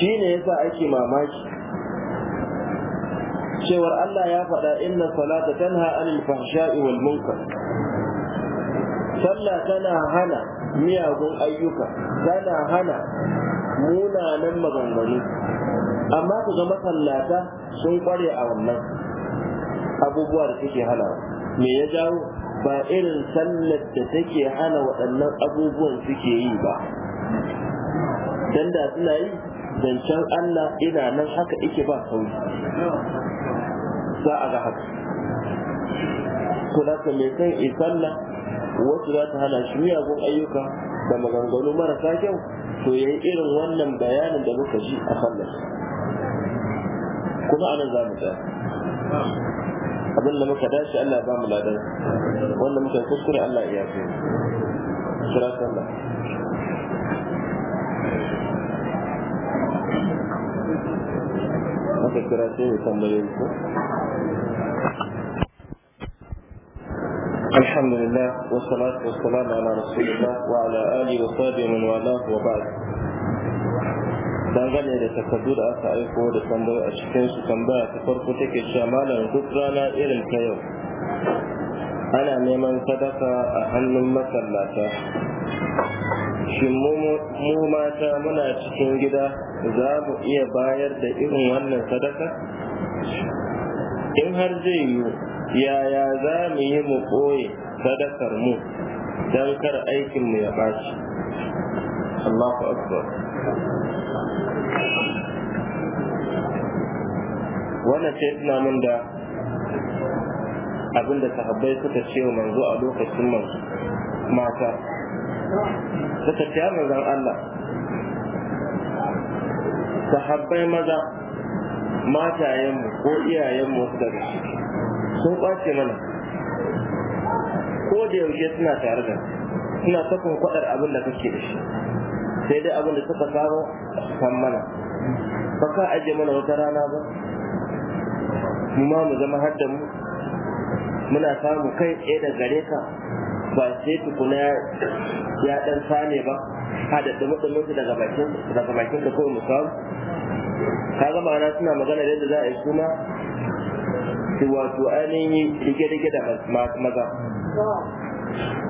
shi ne yasa ake mamaki cewar Allah ya faɗa inna salata tanha anil fahsha'i wal munkar sallah tana hana miyagun ayyuka tana hana munanan maganganu amma ku ga masallata sun kware a wannan abubuwa da suke hana me ya jawo ba irin sallar da take hana waɗannan abubuwan suke yi ba dan da suna yi zancen Allah ina nan haka ike ba sauri za a ga haka kula ka mai san isalla wasu za ta hana shi miyagun ayyuka da maganganu marasa kyau to ya yi irin wannan bayanin da muka ji a fannin kuma anan za mu tsaya abin da muka dace Allah ba mu ladan wanda muka kuskure Allah ya fi kira sallah aka kira sai mu tambaye ku الحمد لله والصلاة والسلام على رسول الله وعلى آله وصحبه من والاه وبعد dangane da takardu da aka aiko da tambayar a cikin su tambaya ta farko take cewa malam duk rana irin ta yau ana neman sadaka a hannun masallata shin mu mata muna cikin gida za mu iya bayar da irin wannan sadaka in har zai yiwu yaya za mu yi mu koye sadakar mu don kar aikin mu ya ɓaci Allahu akbar wannan ce ina mun da abin da sahabbai suka ce wa manzo a lokacin manzo mata suka ce manzon Allah sahabbai maza mu ko iyayenmu daga ciki sun kwace mana ko da yaushe suna tare da suna kun kwadar abin da kake da shi sai dai abin da suka samu san mana ba ka ajiye mana wata rana ba mu ma mu zama har da mu muna samu kai tsaye da gare ka ba sai tukuna ya dan sane ba ha da dumi su daga bakin daga bakin da kawai mu ka gama ana suna magana yadda za a yi suna wato ainihin rike-rike da maza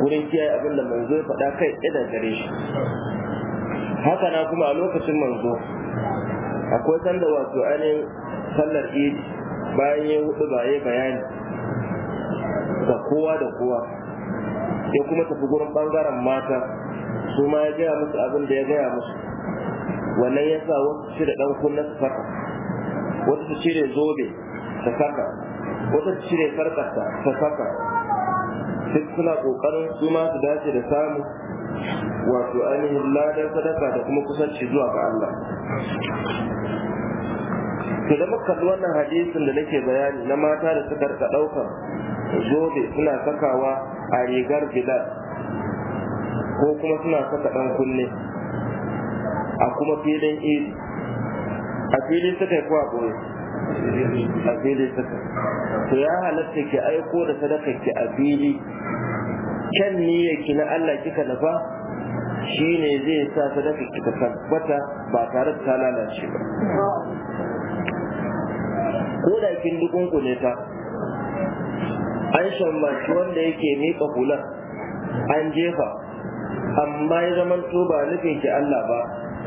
wurin kiyaye abin da manzo ya faɗa kai ida gare shi haka na kuma a lokacin manzo akwai sanda wato ainihin sallar id bayan ya hudu ba ya bayani ga kowa da kowa ya kuma tafi gurin bangaren mata su ma ya gaya musu abin da ya gaya musu wannan ya sa wasu shi da ɗan kunna su saka wasu su da zobe da saka wata cire sarkarta ta saka duk suna kokarin su ma su dace da samu wato ainihin ladan sadaka da kuma kusanci zuwa ga Allah Ke da muka wannan hadisin da nake bayani na mata da suka rika ɗaukar zobe suna sakawa a rigar bilal ko kuma suna saka ɗan kunne a kuma filin idi a filin suka yi kuwa a fili suka to ya halatta ki aiko da sadakar ki a fili kyan niyyar ki na Allah kika nafa ne zai sa sadakar ki ta tabbata ba tare da ta lalace ba ko da kin ne ta an shammaci wanda yake miƙa hular an jefa amma ya zaman to ba nufin ki Allah ba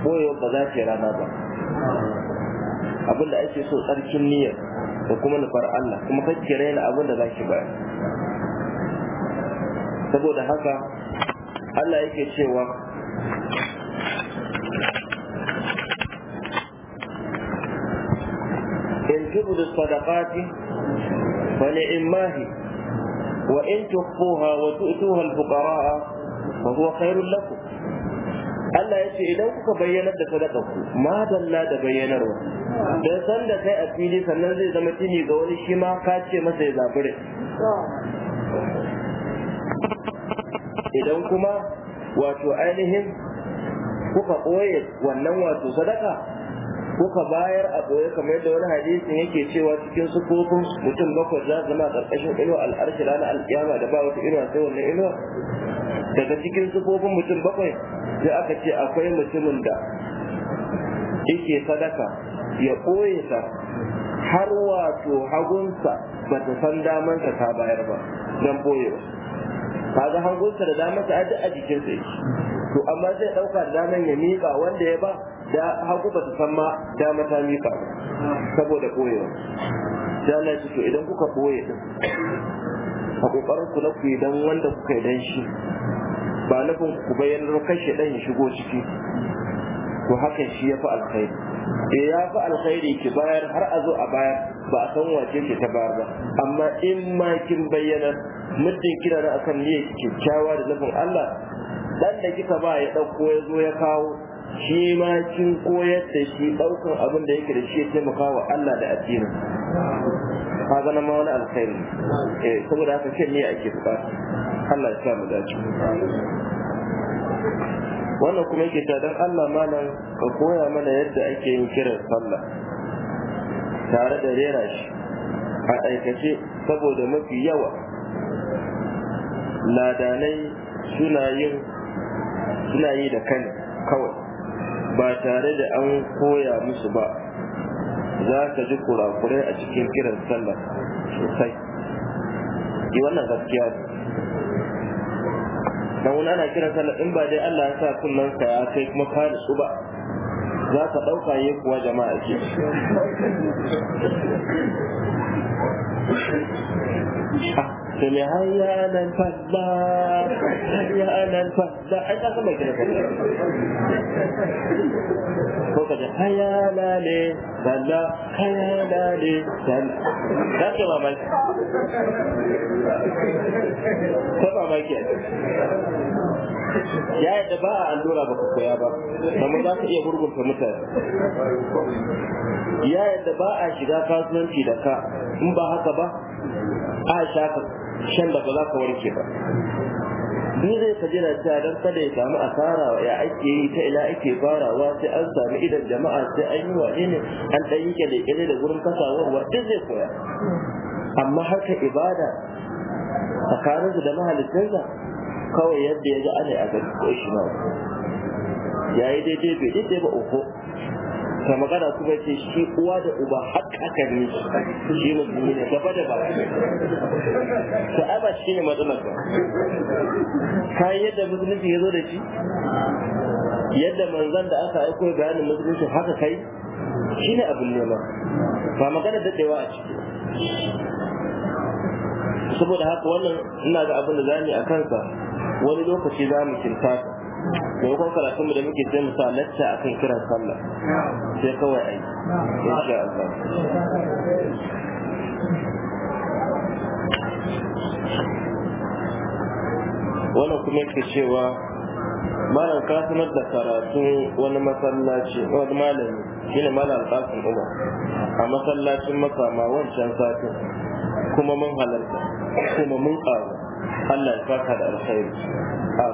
ko yau ba za ki rana ba abin da ake so tsarkin niyyar da kuma nufar Allah kuma kake raina abin da zaki ba saboda haka Allah yake cewa in da sadaqati fa ni'mahi wa in tukhfuha wa tu'tuha al-fuqara fa huwa khairul lakum Allah yace idan kuka bayyana da ku ma dalla da bayyanarwa da san da kai a fili sannan zai zama tuni ga wani shi ma ka ce masa ya zabure idan kuma wato ainihin kuka ɓoye wannan wato sadaka kuka bayar a ɓoye kamar yadda wani hadisin yake cewa cikin sukukun mutum bakwai za zama a ƙarƙashin inuwa al'arshi rana al'iyama da ba wata inuwa sai wannan inuwa daga cikin sukukun mutum bakwai sai aka ce akwai mutumin da yake sadaka ya ɓoye ta har wato hagunsa ba ta san damansa ta bayar ba don boye ba kaga hagunsa da damansa a duk a jikinsa yake to amma zai ɗauka da damar ya miƙa wanda ya ba da hagu ba ta san ma dama ta miƙa ba saboda ɓoyewa Allah ya to idan kuka ɓoye din a ƙoƙarin ku na ku idan wanda kuka yi shi ba nufin ku bayyana kashe dan ya shigo ciki ko hakan shi ya fi alkhairi da eh, ya fi alkhairi ki bayar har a zo a baya ba a san wace ce ta bayar ba amma in ma kin bayyana muddin kira na akan niyyar kyakkyawa da nufin Allah dan da kika ba ya dauko ya zo ya kawo shi ma kin koyar da shi daukan abin da yake da shi ya taimaka wa Allah da addinin ka ga ma wani alkhairi eh saboda haka kin ne ake fuka Allah ya sa mu dace wannan kuma yake ta dan Allah malam ka koya mana yadda ake yin kiran sallah tare da rera shi a aikace saboda mafi yawa ladanai suna yin suna yi da kai kawai ba tare da an koya musu ba za ka ji kurakurai a cikin kiran sallah sosai yi wannan gaskiya dan wani ana kiran sallah in ba dai Allah ya sa kullun ka ya kai kuma ka nutsu ba za ka dauka kuwa jama'a ke سمع يا أنا الفلاح يا أنا الفلاح أنت أقول لك فوقت هيا لالي فلا هيا لالي فلا لا كما مالك كما مالك ya yadda ba a allura baka koya ba kamar za ka iya gurgunta mutane ya yadda ba a shiga kasuwanci da ka in ba haka ba a sha ka shan da ba za ka warke ba Ni zai ka jira ta don kada ya samu asara ya ake yi ta ila ake farawa sai an sami idan jama'a sai an yi wa ne an ɗan yi kyale da gurin kasawarwa duk zai koya amma haka ibada tsakaninsu da mahalicinsa kawai yadda ya ga ana a gari ko shi ma ya yi daidai bai daidai ba uku ta magana kuma ce shi uwa da uba haƙaƙa ne shi musulmi ne gaba da baki ta aba shi ne matsalar ba yi yadda musulunci ya zo da shi yadda manzan da aka aiko bayanin musulunci haka kai shi ne abin nema ba magana daɗewa a ciki saboda haka wannan ina da abin da za a kansa wani lokaci za mu kirkata maimakon karatun mu da muke sai mu sa lacca kan kiran sallah sai kawai ai insha Allah wannan kuma yake cewa malam ka sanar da karatun wani masallaci wani malami shine malam kasim uba, a masallacin makama wancan satin kuma mun halarta kuma mun ƙaru Allah ya saka da alkhairi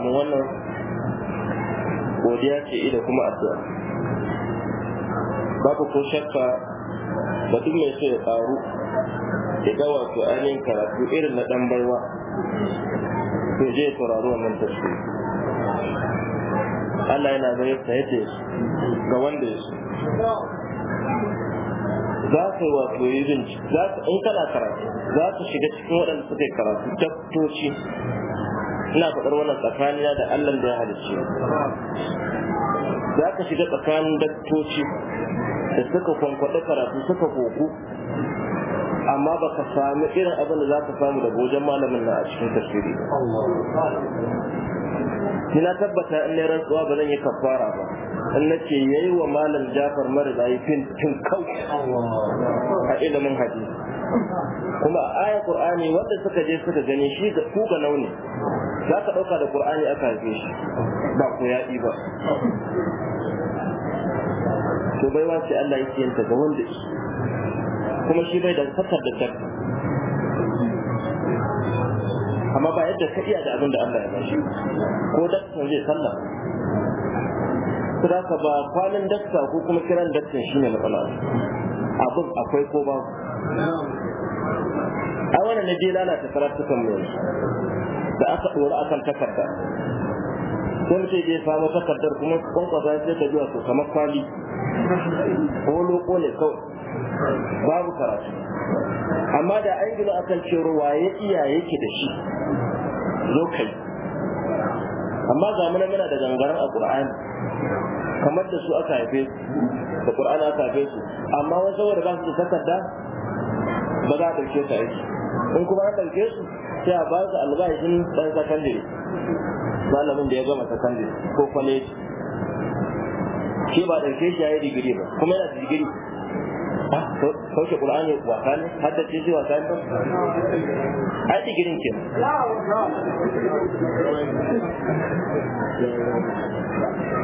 mu wannan godiya ce ida kuma addu'a babu ko shakka da duk mai so ya karu ya ga wato ainihin karatu irin na dan baiwa to je sauraro wannan tafsiri Allah yana bayar da ga wanda ya so za ka yi wato yi bincike za ka in kana karatu za ka shiga cikin waɗanda suka yi karatu Dabtoci ina faɗar wannan tsakanina da Allah da ya halicce za ka shiga tsakanin daktoci da suka kwankwaɗe karatu suka koku amma ba ka sami irin abin da za ka samu da wajen malamin na a cikin tafsiri ni na tabbata in ne rantsuwa ba zan yi kafara ba in nace yayi wa malam Jafar marzai fin tun kau a ilimin hadisi kuma a aya Qur'ani wanda suka je suka gani shi da ku ga launi za ka dauka da Qur'ani aka haife shi ba ku yaɗi ba to baiwa sai Allah yake yin ta ga wanda kuma shi bai da fatar da ta amma ba yadda ka iya da abin da Allah ya bashi ko da zai sallah su da ka ba kwanan dakta ko kuma kiran dakta shi ne matsala abin akwai ko ba a wani na je lalata karatukan mu da aka ɗora akan takarda Wani mutum je samu takardar kuma kwankwasa sai ta biya su kamar kwali ko loko ne kawai babu karatu amma da an gina akan cewa waye iya yake da shi zo kai amma zamanin muna da gangaren a qur'ani kamar da su aka haife su da qur'ani aka haife su amma wani saboda ba su da takarda ba za a ɗauke su aiki in kuma an ɗauke su sai a ba su albashin ɗan sakandare malamin da ya gama sakandare ko kwaleji shi ba ɗauke shi ya yi digiri ba kuma yana da digiri sauke qur'ani wasa ne hadda ce wasa ne ai digirin ke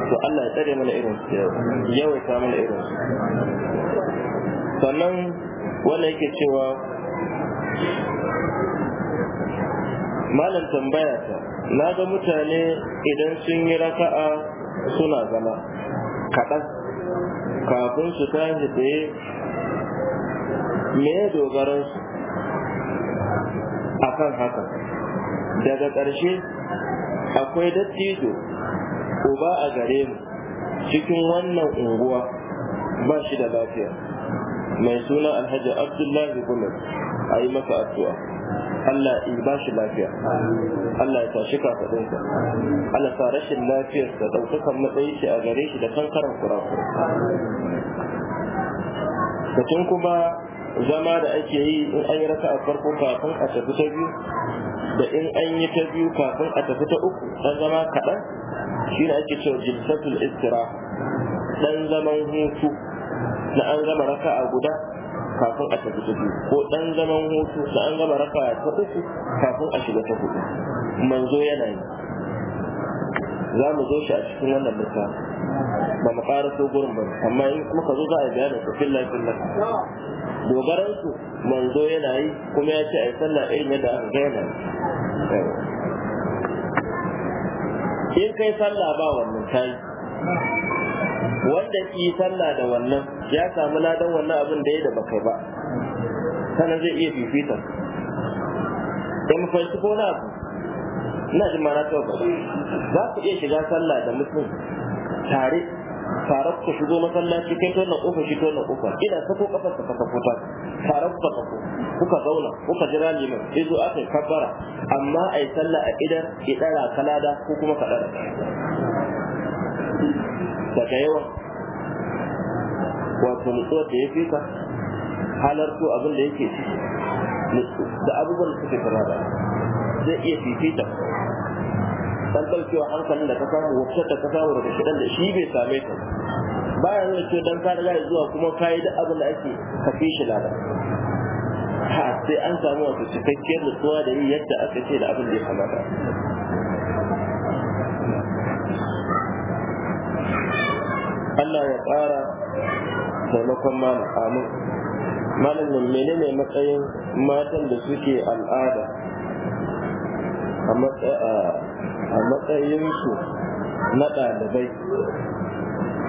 to Allah ya tsare mana irin su yawaita mana irin su sannan wanda yake cewa malam tambaya ta na ga mutane idan sun yi raka'a suna zama kaɗan kafin su tashi tsaye me ya dogara su kan haka daga ƙarshe akwai dattijo uba a gare mu cikin wannan unguwa ba shi da lafiya mai suna alhaji abdullahi gumar a yi maka addu'a Allah ya ba shi lafiya Allah ya tashi kafaɗinsa Allah sa rashin lafiyarsa ɗaukakan matsayi shi a gare shi da kankaran kurakura Batun kuma zama da ake yi in an yi raka a farko kafin a tafi ta biyu da in an yi ta biyu kafin a tafi ta uku dan zama kaɗan shi ne ake cewa jilsatul istira dan zaman hutu na an gama raka a guda kafin a tafi ta biyu ko dan zaman hutu na an gama raka a ta uku kafin a shiga ta hudu manzo yana yi za mu zo shi a cikin wannan mutum ba mu ƙara so gurin ba amma in ka zo za a yi bayanin su filla filla dogaran su manzo yana yi kuma ya ce a yi sallah irin yadda aka ga in kai sallah ba wannan yi. wanda ki sallah da wannan ya samu ladan wannan abin da ya da bakai ba sannan zai iya fifita in mafarki ko na abu ina jin ma na taɓa faɗa za ku iya shiga sallah da mutum tare farar ku shigo masallaci kai to na ƙofa shi ta wannan ƙofa ina sako kafar ka sako ta tare ku sako kuka zauna kuka jira liman sai zo aka kabbara amma ai sallah a idan ki dara kalada ko kuma ka dara daga yawan wato nutsuwar da ya fi ka halarto abin da yake ciki da abubuwan da suke kama da zai iya fifita dan daukewa hankalin da ka samu wacce da ka samu daga shidan da shi bai same ta ya nuna cewa dan ka riga zuwa kuma ka yi da abin da ake kafi shi lada ha sai an samu wasu cikakkiyar nutsuwa da yi yadda aka ce da abin da ya kamata Allah ya ƙara taimakon mana amin malamin menene matsayin matan da suke al'ada a a matsayinsu na ɗalibai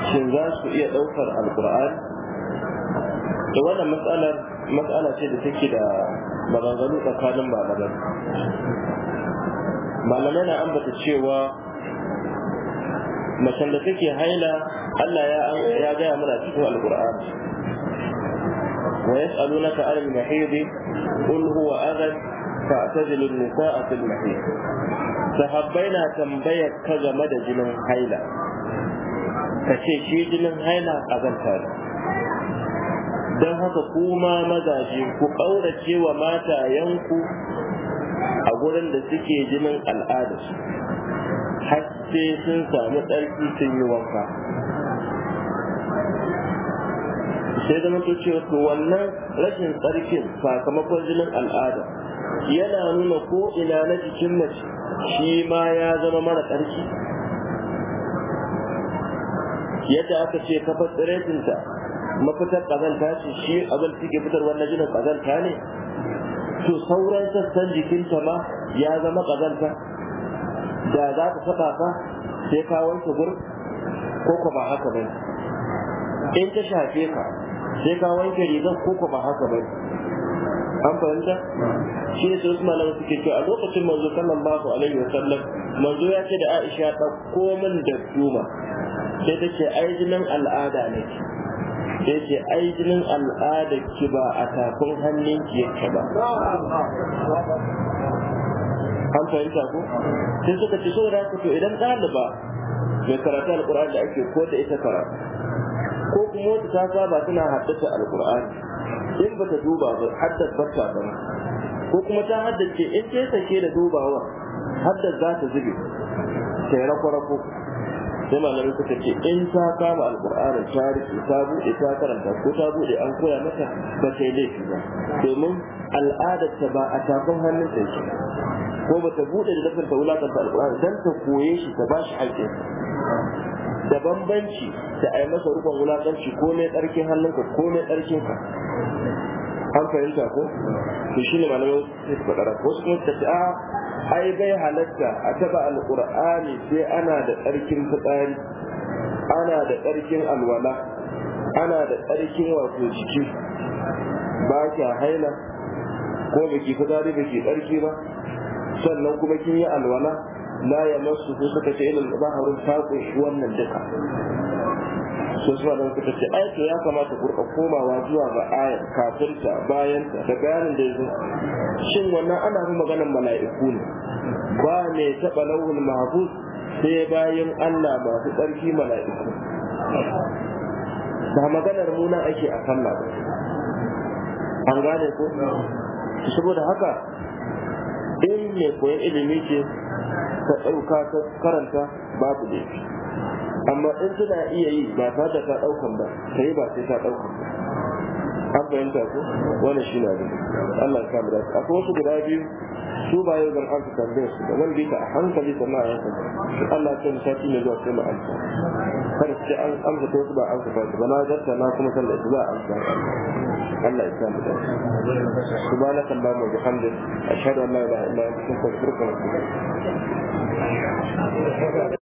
shin za su iya ɗaukar alkur'ani da wannan matsalar matsala ce da take da maganganu tsakanin malamai malamai na ambata cewa macen da take haila Allah ya gaya mana cikin alkur'ani wa yas'alunaka anil mahidi qul huwa adhan fa'tazilu an-nisaa sahabbai na tambayar ka game da jinin haila ka ce shi jinin haila zanta ne don haka kuma mazaje ku cewa mata yanku a gurin da suke jinin al'adarsu har sun sami tsarki sun yi wanka sai zama to cewa to wannan rashin tsarkin sakamakon jinin al'ada yana nuna ko ina na jikin mace shi ma ya zama mara ƙarfi. yadda aka ce kafar tsiretinta mafitar ƙazanta ce shi abin suke fitar wannan jinin ƙazanta ne to sauran sassan jikinta ma ya zama ƙazanta da za ta saba ka sai ka wanke gurin ko ko ba haka bai? in ta shafe ka sai ka wanke rigar ko ko ba haka bai? an fahimta shi ne sai Usman suke cewa a lokacin manzo sallallahu alaihi wa sallam manzo ya ce da Aisha ta min da duma sai ta ce ai jinin al'ada ne sai ce ai jinin al'ada ki ba a tafin ki yake ba an fahimta ko sai suka ce so da to idan ɗaliba mai karatu alƙur'ani da ake ko da ita karatu ko kuma wata ta saba tana ta alƙur'ani in bata duba ba haddar barka ba ko kuma ta haddace in ta sake da dubawa haddar za ta zube ta yi rako-rako sai malamai suka ce in ta kama alƙur'anin ta ta buɗe ta karanta ko ta buɗe an koya mata ba ta yi laifi ba domin al'adar ta ba a tafin hannun ta shi ko ba ta buɗe da zafin ta wulakanta alƙur'ani don ta koye shi ta ba shi haƙƙin da bambanci da ai masa rukun wulakanci ko mai tsarkin hannunka ko mai tsarkin ka an fahimta ko to shine malamai sai su faɗa wasu kuma ta a ai bai halatta a taɓa alqur'ani sai ana da tsarkin fitsari ana da tsarkin alwala ana da tsarkin wato jiki ba ki haila ko baki fitsari baki tsarki ba sannan kuma kin yi alwala la ya masu ko suka ce ilal zaharun ta kunshi wannan duka sai su da suka ce ai ya kamata ku komawa zuwa ga ayar kafirta bayan ta da bayanin da yanzu shin wannan ana fi maganar mala'iku ne ba ne taɓa lauhul mahfuz sai bayan Allah masu tsarki mala'iku ba maganar muna ake a kalla ba an gane ko saboda haka in mai koyan ilimi ce ka ɗauka ta karanta babu laifi amma in suna iya yi ba ta da ta daukan ba ta yi ba sai ta daukan ba an fahimta ko Wani shi na dai Allah ya mu dace akwai wasu guda biyu su ba yau zan an tambaye su da wanda yake a hankali sannan a yankan Allah ya mu sati ne zuwa sai mu amsa Kar su ce an amsa ta wasu ba amsa ba ba na zarta na kuma sallah su za a amsa Allah ya mu dace subhanaka allahumma wa bihamdika ashhadu an la ilaha illa anta astaghfiruka wa atubu ilaik